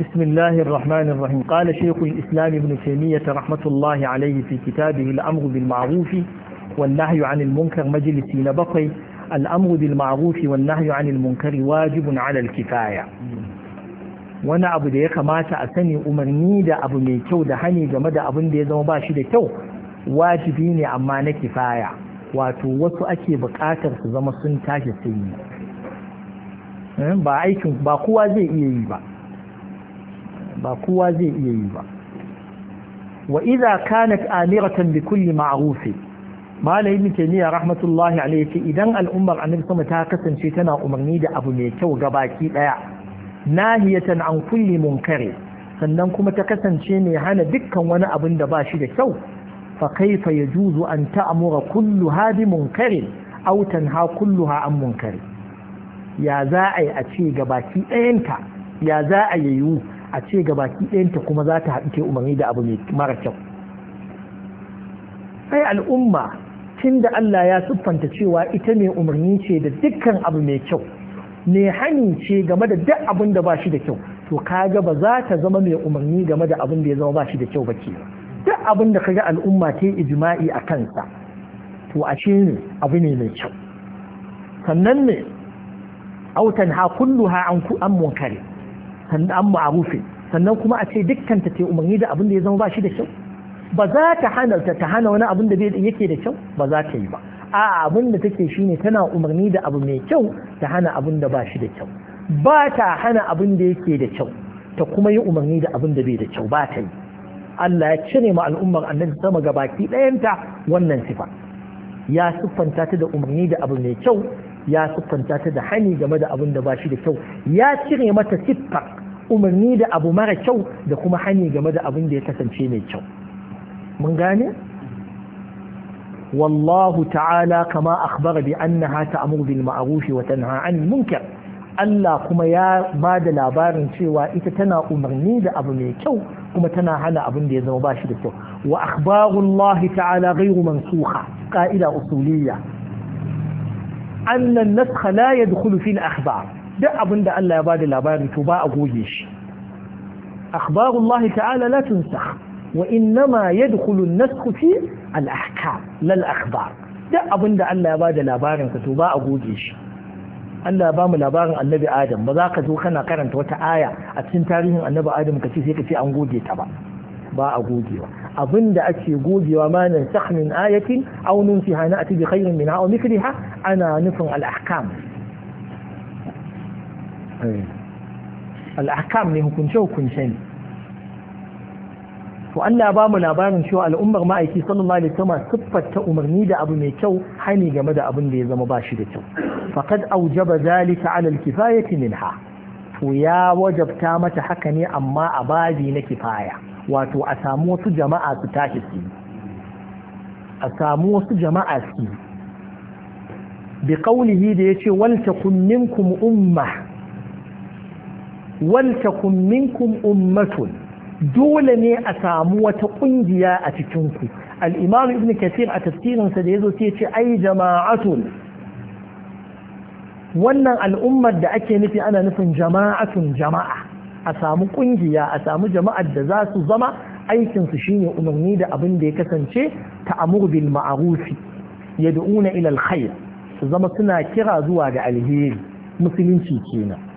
بسم الله الرحمن الرحيم قال شيخ الإسلام ابن تيمية رحمة الله عليه في كتابه الأمر بالمعروف والنهي عن المنكر مجلس نبقي الأمر بالمعروف والنهي عن المنكر واجب على الكفاية wani abu da ya kamata a sani umarni da abu mai kyau da hani game da abun da ya zama ba shi da kyau wajibi ne amma na kifaya wato wasu ake bukatar su zama sun tashi sun eh, ba aikin ba kowa zai iya yi ba ba kowa zai iya yi ba wa iza kanat amiratan bi kulli ma'rufi malai ibn rahmatullahi Alai ce idan al'ummar annabi sama ta kasance tana umarni da abu mai kyau ga baki daya nahiyatan an kulli munkari sannan kuma ta kasance mai hana dukkan wani abin da ba shi da kyau fa kaifa yajuzu an ta'mura kullu bi munkarin aw tanha kulluha an munkari ya za a yi a ce ga baki ɗayanta ya za a yiwu a ce gabaki ɗayanta kuma za ta haɗu umarni da abu mai mara kyau sai al'umma tun da Allah ya siffanta cewa ita mai umarni ce da dukkan abu mai kyau mai hani ce game da duk abin da ba shi da kyau to kaga ba za ta zama mai umarni game da abin da ya zama ba shi da kyau ba ke duk abin da kaga al'umma ta yi ijma'i a kansa to a ce ne abu ne mai kyau sannan ne autan ha kullu ha an munkari sannan an ma'arufi sannan kuma a ce dukkan ta ce umarni da abin da ya zama ba shi da kyau ba za ta hana ta ta hana wani abin da yake da kyau ba za ta yi ba a abin da take shine tana umarni da abu mai kyau ta hana abin da ba shi da kyau ba ta hana abin da yake da kyau ta kuma yi umarni da abin da bai da kyau ba ta yi Allah ya cire ma al'ummar annabi sama ga baki ɗayanta wannan sifa ya siffanta ta da umarni da abu mai kyau ya siffanta ta da hani game da abin da ba shi da kyau ya cire mata siffar umarni da abu mara kyau da kuma hani game da abin da ya kasance mai kyau mun gane wallahu ta'ala kama akhbara bi annaha ta'muru bil ma'ruf wa tanha 'anil munkar Allah kuma ya ba da labarin cewa ita tana umarni da abu mai kyau kuma tana hana abin da ya zama bashi da kyau wa akhbarullahi ta'ala ghayru mansukha qa'ida usuliyya anna an-nasakh la yadkhulu fi al akhbar duk abin da Allah ya ba da labarin to ba a goge shi akhbarullahi ta'ala la tunsakh wa innama yadkhulu an-nasakh fi al-ahkam lal akhbar duk abin da Allah ya ba da labarin ka to ba a goge shi Allah ba mu labarin annabi Adam ba za ka zo kana karanta wata aya a cikin tarihin annabi Adam ka ce sai ka ce an goge ta ba ba a gogewa abin da ake gogewa ma nan sakh min ayatin aw nunsiha na'ti bi khairin minha aw mithliha ana nufin al-ahkam Eh. al'akam ne hukunce hukunce ne to Allah ba mu labarin cewa al'ummar ma'aiki sallallahu alaihi wasallam siffarta umarni da abu mai kyau hani game da abin da ya zama ba shi da kyau faqad aujaba zalika ala al-kifayati minha to ya wajabta mata haka ne amma a babi na kifaya wato a samu wasu jama'a su tashi su a samu wasu jama'a su bi qawlihi da yace wal takum minkum ummah waltakun minkum ummatun dole ne a samu wata kungiya a cikinku al'imam ibn Kathir a tafsirinsa da ya zo sai ce ai jama'atun wannan al'ummar da ake nufi ana nufin jama'atun jama'a a samu kungiya a samu jama'ar da za su zama aikinsu shine umarni da abin da ya kasance ta'amur bil ma'arufi yad'una ilal khair su zama suna kira zuwa ga alheri musulunci kenan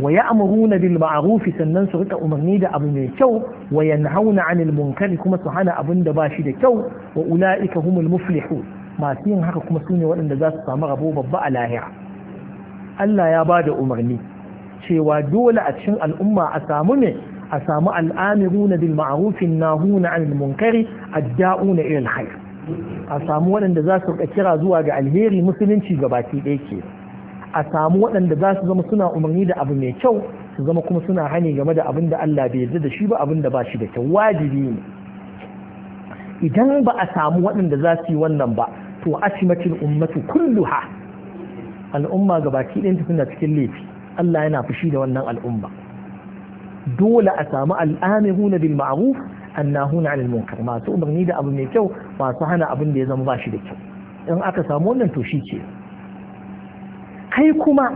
wa ya na bil ma'arufi sannan su rika umarni da abu mai kyau wa yanhauna 'anil munkar kuma su hana abin da bashi da kyau wa ulaika humul muflihun masu yin haka kuma sune waɗanda za su samu rabo babba a lahira Allah ya ba da umarni cewa dole a cikin al'umma a samu ne a samu al'amiruna bil ma'ruf nahuna 'anil munkari adda'una ila al a samu waɗanda za su rika kira zuwa ga alheri musulunci gabaki ɗaya ke a samu waɗanda za su zama suna umarni da abu mai kyau su zama kuma suna hani game da abin da Allah bai yarda da shi ba abin da ba shi da kyau wajibi ne idan ba a samu waɗanda za su yi wannan ba to asimatil ummatu kulluha al'umma ga gabaki ɗayan suna cikin laifi Allah yana fushi da wannan al'umma dole a samu al'amiruna bil ma'ruf annahuna 'anil munkar masu umarni da abu mai kyau masu hana abin da ya zama ba shi da kyau in aka samu wannan to shi ke. kai kuma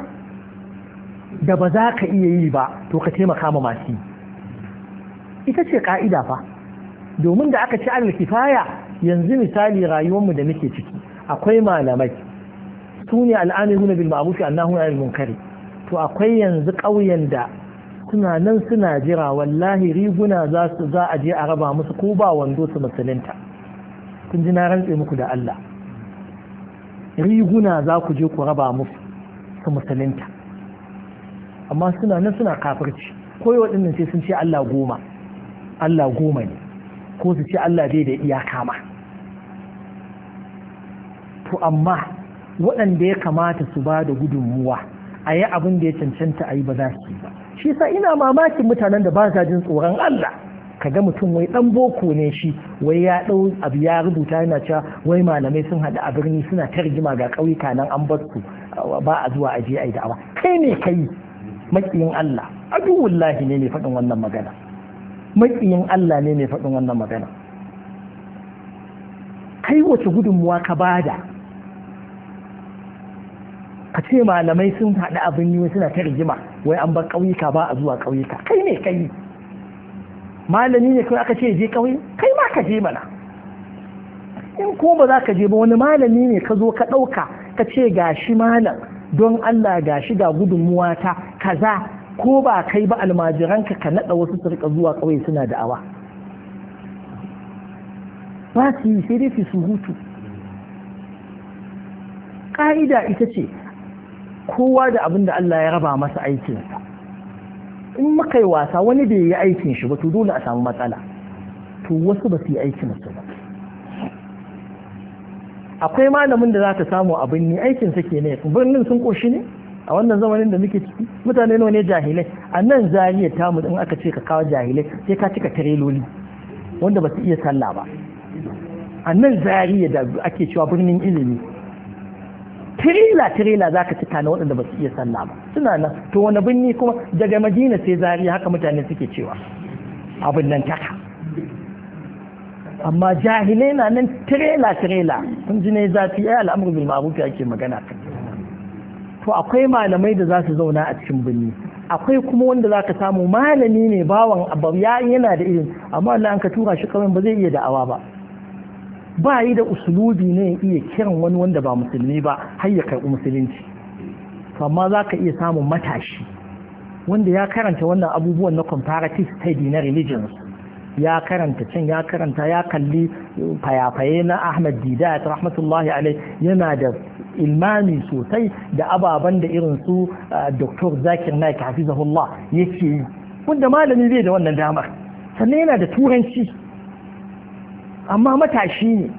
da ba za ka iya yi ba to ka taimaka ma masu ita ce ka'ida fa domin da aka ci alkifaya yanzu misali rayuwarmu da muke ciki akwai malamai su ne al'amiruna bil fi annahu anil munkari to akwai yanzu ƙauyen da suna nan suna jira wallahi riguna za su za a je a raba musu ko ba wando su musulunta kun ji na rantse muku da Allah riguna za ku je ku raba musu su musulunta amma suna nan suna kafirci ko yi waɗannan sai sun ce Allah goma Allah goma ne ko su ce Allah bai da iyaka ma to amma waɗanda ya kamata su ba da gudunmuwa a yi abin da ya cancanta a yi ba za su yi ba shi sa ina mamakin mutanen da ba sa jin tsoron Allah ga mutum wai dan boko ne shi wai ya dau abu ya rubuta yana cewa wai malamai sun hada a birni suna ta ga ƙauyuka nan an bar su ba a zuwa a a yi da'awa kai ne kai makiyin Allah wallahi ne mai faɗin wannan magana makiyin Allah ne mai faɗin wannan magana kai wace gudunmuwa ka bada ka ce malamai sun haɗu abin yi suna ta rigima wai an bar ƙauyuka ba a zuwa ƙauyuka kai ne kai malami ne kawai aka ce je ƙauye kai ma ka je mana in ko ba za ka je ba wani malami ne ka zo ka ɗauka ka ce ga shi malam don Allah ga shi ga gudunmuwa ta kaza ko ba kai ba almajiranka ka naɗa wasu su rika zuwa ƙauye suna da'awa ba su yi sai dai su hutu. ƙa'ida ita ce kowa da abin da Allah ya raba masa aikinsa in muka yi wasa wani da ya yi aikin shi ba to dole a samu matsala to wasu ba su yi aikin su ba akwai malamin da za ta samu abin ni aikin sa kenan birnin sun koshi ne a wannan zamanin da muke ciki mutane nawa ne jahilai a nan zariya ta mu in aka ce ka kawo jahilai sai ka cika tareloli wanda ba su iya sallah ba a nan zariya da ake cewa birnin ilimi tirila tirila za ka cika na waɗanda ba su iya sallah ba suna nan to wani birni kuma daga madina sai zariya haka mutane suke cewa abin nan taka amma jahilai na nan tirela tirela sun ji ne zafi yi al'amuru bil ma'ruf ake magana to akwai malamai da za su zauna a cikin birni akwai kuma wanda za ka samu malami ne bawan abar ya yana da irin amma Allah an ka tura shi kawai ba zai iya da'awa ba ba yi da usulubi ne iya kiran wani wanda ba musulmi ba har ya karɓi musulunci To amma za ka iya samun matashi wanda ya karanta wannan abubuwan na comparative study na religions ya karanta cin ya karanta ya kalli fayafaye na ahmad Didat rahmatullahi alai yana da ilmami sosai da ababen da irin su uh, dr zakir naik hafizahullah yake yi wanda malami bai da wannan damar sannan yana da turanci amma matashi ne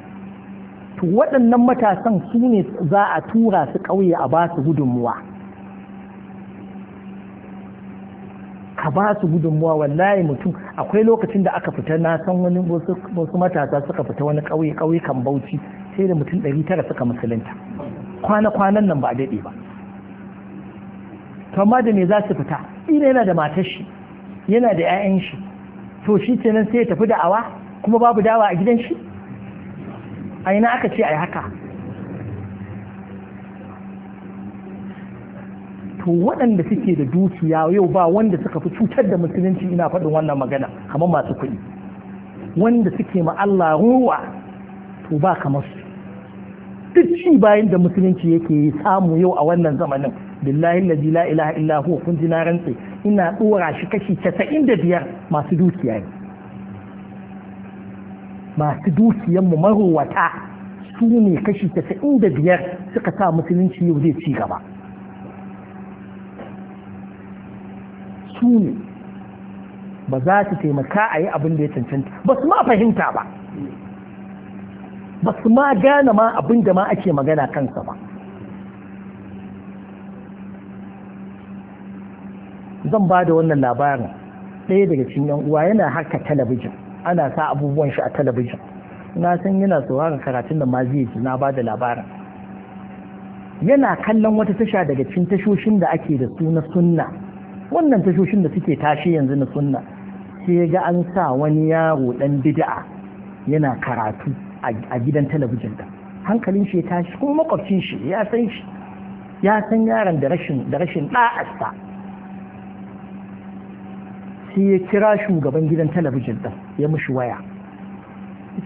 to waɗannan matasan su ne za a tura su ƙauye a ba su gudunmuwa ka ba su gudunmuwa wallahi mutum akwai lokacin da aka fita na san wani wasu matasa suka fita wani ƙauye ƙauye kan bauchi sai da mutum ɗari tara suka musulunta kwana-kwanan nan ba a daɗe ba to da me za su fita ina yana da matar shi yana da 'ya'yan shi to shi ce kenan sai ya tafi da'awa kuma babu dawa a gidan shi a ina aka ce a yi haka to waɗanda suke da dukiya yau ba wanda suka fi cutar da musulunci ina faɗin wannan magana kamar masu kuɗi wanda suke ma Allah ruwa to ba kamar su duk ci bayan da musulunci yake samu yau a wannan zamanin billahi lazi la ilaha illa huwa kun ji na rantse ina ɗora shi kashi da biyar masu dukiya ne masu dukiyan mu marowata su ne kashi da biyar suka sa musulunci yau zai ci gaba Su ne ba za su taimaka a yi abin da ya cancanta ba su ma fahimta ba ba su ma gane ma abin da ma ake magana kansa ba zan ba da wannan labarin ɗaya daga cin yan uwa yana harka talabijin ana sa abubuwan shi a talabijin na san yana sauraron karatun da ma zai na ba da labarin yana kallon wata tasha daga cikin tashoshin da ake da su na sunna wannan tashoshin da suke tashi yanzu na sunna sai ga an sa wani yaro dan bid'a yana karatu a gidan talabijin da hankalin shi ya tashi kuma makwabcin shi ya san shi ya san yaron da rashin da rashin da'asta sai ya kira shugaban gidan talabijin da ya mushi waya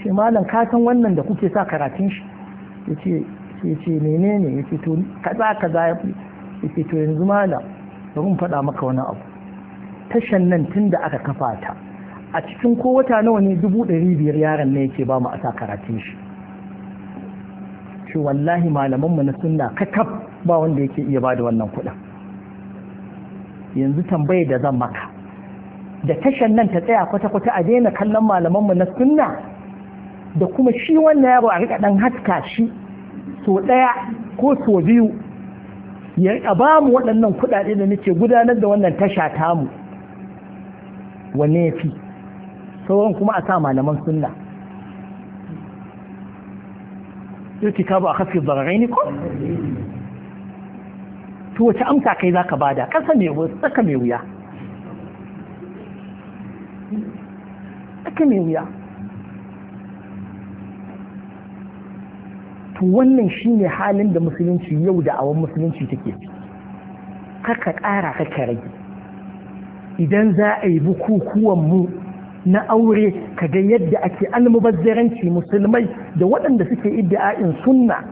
ya malam ka san wannan da kuke sa karatun shi ya ce menene ya to kaza kaza ya to yanzu malam bari mu faɗa maka wani abu tashan nan tun da aka kafa ta a cikin ko wata nawa ne dubu ɗari biyar yaron ne yake ba mu a sa karatun shi shi wallahi malamanmu na sunna kakaf ba wanda yake iya ba da wannan kuɗin yanzu tambaye da zan maka da tashan nan ta tsaya kwata-kwata a daina kallon malaman mu na sunna da kuma shi wannan yaro a riƙa ɗan haska shi so ɗaya ko so biyu ya ba mu waɗannan kuɗaɗe da nake gudanar da wannan tasha tamu wanne ya fi sauran kuma a sa malaman sunna yake ka ba a kafin zararai ne ko to wace amsa kai za ka bada ƙasa mai wuya tsaka mai wuya tsaka mai wuya to wannan shine halin da musulunci yau da awon musulunci take kaka kara kaka rage idan za a yi bukukuwan mu na aure ka ga yadda ake almubazzaranci musulmai da waɗanda suke idda'in sunna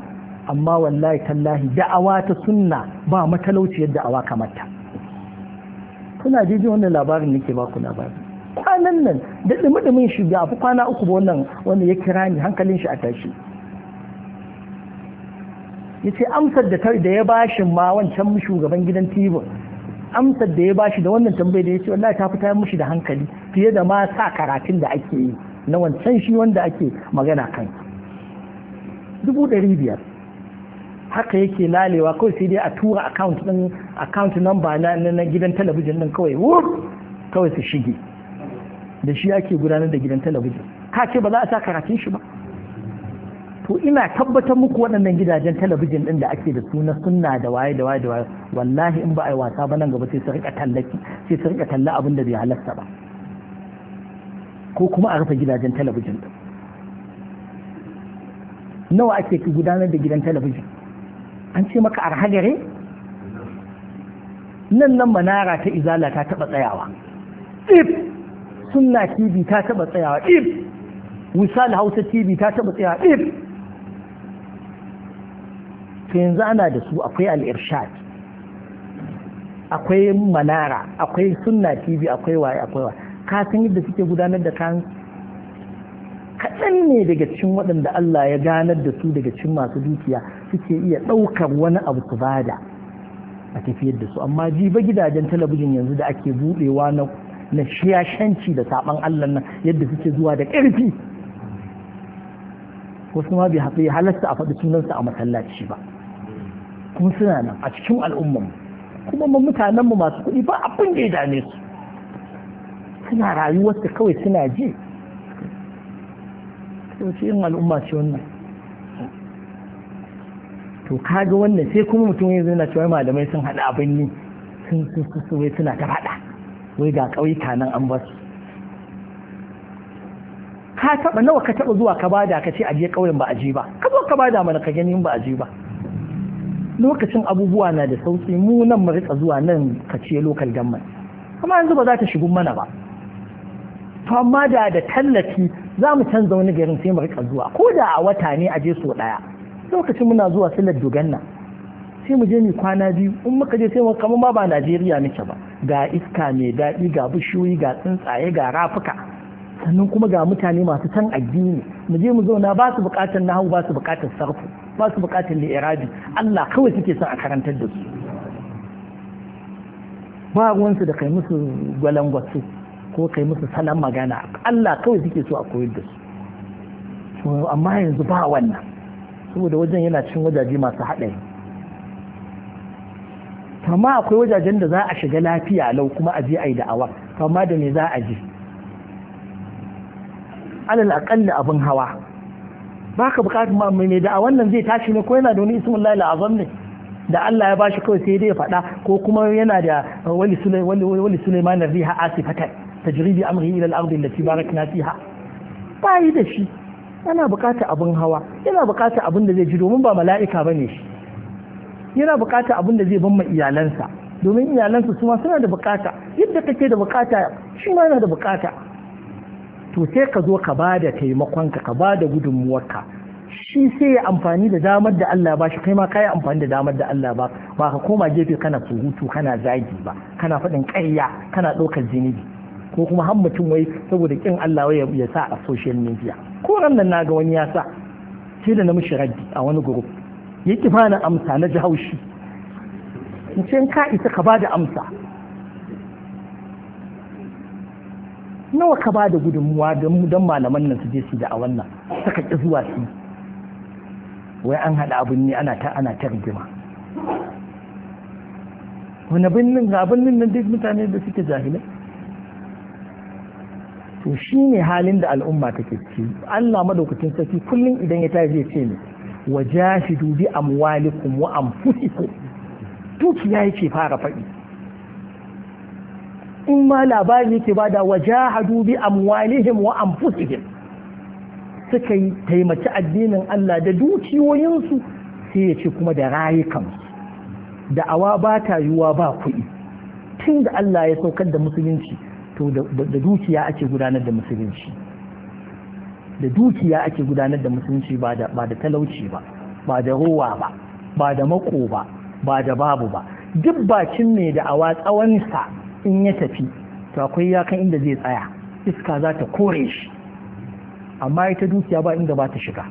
amma wallahi tallahi da'awa ta sunna ba matalauci yadda awa kamata kuna jiji wannan labarin nake ba ku labarin. kwanan nan da ɗumi-ɗumin shiga a fi kwana uku ba wannan wanda ya kira ni hankalin shi a tashi yace amsar da da ya bashi ma wancan shugaban gidan tibur amsar da ya bashi da wannan tambayar da ya ce wallahi ta fita mushi da hankali fiye da ma sa karatun da ake yi na wancan shi wanda ake magana kan dubu ɗari biyar haka yake lalewa kawai sai dai a tura account ɗin account number na na gidan talabijin din kawai wuf kawai su shige da shi ake gudanar da gidan talabijin ka ce ba za a sa karatun shi ba to ina tabbatar muku waɗannan gidajen talabijin ɗin da ake da suna sunna da waye da waye da waye wallahi in ba a yi wasa ba nan gaba sai su rika tallaki sai su rika talla abin da bai halarta ba ko kuma a rufe gidajen talabijin ɗin nawa ake gudanar da gidan talabijin an ce maka arha gare nan nan manara ta izala ta taɓa tsayawa if sunna tv ta taɓa tsayawa if wisal hausa tv ta taɓa tsayawa if to yanzu ana da su akwai al akwai manara akwai sunna tv akwai waye akwai ka yadda suke gudanar da kan kaɗan ne daga cikin waɗanda Allah ya ganar da su daga cikin masu dukiya suke iya ɗaukar wani abu su bada a tafiyar da su amma jiba gidajen talabijin yanzu da ake buɗewa na na shiyashanci da saɓan Allah nan yadda suke zuwa da ƙarfi wasu ma bai halasta a faɗi sunansa a masallaci ba kuma suna nan a cikin al'ummar kuma mu mutanen mu masu kuɗi ba abin da ya dame su suna rayuwar su kawai suna ji to ce yin al'umma ce wannan to kaga wannan sai kuma mutum yanzu yana cewa malamai sun haɗa abin ni sun sun sun wai suna ta faɗa wai ga ƙauyuka nan an basu ka taɓa nawa ka taɓa zuwa ka bada ka ce aje ƙauyen ba aje ba ka zo ka bada mana ka gani ba aje ba lokacin abubuwa na da sauki mu nan mu rika zuwa nan ka ce lokal government amma yanzu ba za ta shigo mana ba to amma da da tallafi za mu canza wani garin sai mu rika zuwa ko da a wata ne a je so daya lokacin muna zuwa silar doganna sai mu je mu kwana biyu in muka je sai mu kamar ma ba Najeriya muke ba ga iska mai daɗi ga bishiyoyi ga tsuntsaye ga rafuka sannan kuma ga mutane masu san addini mu je mu zauna ba su bukatar nahawu ba su bukatar sarfu ba su bukatar li'irabi Allah kawai suke son a karantar da su ba ruwansu da kai musu gwalangwatsu ko kai musu salon magana Allah kawai suke so a koyar da su amma yanzu ba wannan saboda wajen yana cikin wajaje masu haɗari amma akwai wajajen da za a shiga lafiya lau kuma a je a yi da'awa amma da me za a je alal aƙalli abin hawa ba ka buƙatar ma mai da a wannan zai tashi ne ko yana da wani ismin lalai azam ne da Allah ya bashi kawai sai dai ya faɗa ko kuma yana da wali Sulaiman riha asifatan tajribi amri ila al-ardi allati barakna fiha bai da shi yana buƙatar abin hawa yana buƙatar abin da zai ji domin ba mala'ika bane shi yana buƙatar abin da zai ban ma iyalansa domin iyalansa su ma suna da buƙata yadda kake da buƙata shi ma yana da buƙata to sai ka zo ka ba da taimakonka ka ba da gudunmuwarka shi sai ya amfani da damar da Allah ba shi kai ma kai amfani da damar da Allah ba ba ka koma gefe kana surutu kana zagi ba kana faɗin ƙarya kana ɗaukar zinibi ko kuma har mutum wai saboda kin Allah wai ya sa a social media ko ran nan naga wani ya sa shi da na mishi raddi a wani group ya kifa na amsa na ji haushi in ka isa ka ba da amsa nawa ka ba da gudunmuwa don malaman nan su je su da a wannan saka ƙi zuwa su wai an haɗa abin ne ana ta ana ta rigima wani birnin ga birnin nan duk mutane da suke jahilai to shi ne halin da al'umma take ciki Allah madaukakin sarki kullum idan ya tashi zai ce ne wa jahidu bi amwalikum wa anfusikum dukiya yake fara faɗi in ma labari ke bada wajahadubi bi amwalihim wa anfusihim suka yi taimaki addinin Allah da dukiyoyinsu sai ya ce kuma da rayukansu awa ba ta yiwuwa ba kuɗi tun da Allah ya saukar da musulunci to da dukiya ake gudanar da musulunci da dukiya ake gudanar da musulunci ba da talauci ba ba da rowa ba ba da mako ba ba da babu ba duk ne mai awa tsawonsa in ya tafi to akwai yakan inda zai tsaya iska za ta kore shi amma ita dukiya ba inda ba ta shiga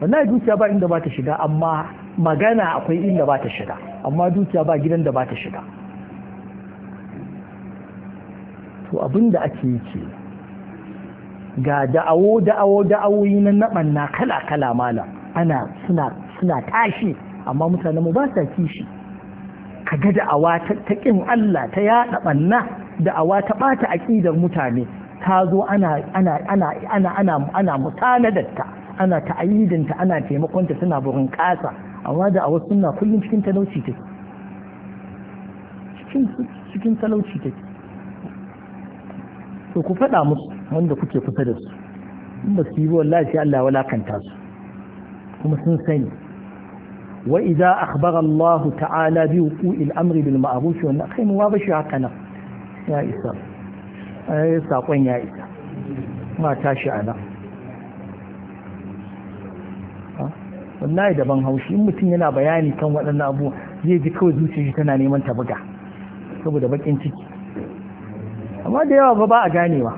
wannan dukiya ba inda ba ta shiga amma magana akwai inda ba ta shiga amma dukiya ba gidan da ba ta shiga to abin da ake yi ce ga da'awo da'awo da'awoyi na naɓanna kala kala malam ana suna suna tashi amma mutanenmu ba sa kishi ka ga awa ta ƙin Allah ta yaɗa ɓanna da'awa ta ɓata aƙidar mutane ta zo ana ana ana ana ana ana mutanadarta ana ta'ayyidinta ana taimakonta suna burin kasa amma da'awa suna kullum cikin talauci take cikin talauci take to ku faɗa musu wanda kuke kusa da su in ba su yi wallahi Allah ya walakanta su kuma sun sani وإذا أخبر الله تعالى بوقوع الأمر بالمعروف والنهي ما بشي هكذا يا إسا يا ya يا إسا ما تاشي أنا wallahi daban haushi in mutum yana bayani kan waɗannan abu zai ji kawai zuciyar shi tana neman ta buga saboda bakin ciki amma da yawa ba ba a ganewa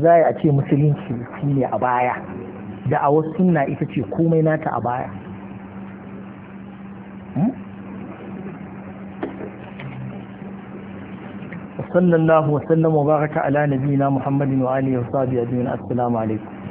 za a ce musulunci shi ne a baya da a wasu suna ita ce komai nata a baya hmm? sallallahu wasallam wa baraka ala nabiyina muhammadin wa alihi wa sahbihi ajma'in assalamu alaikum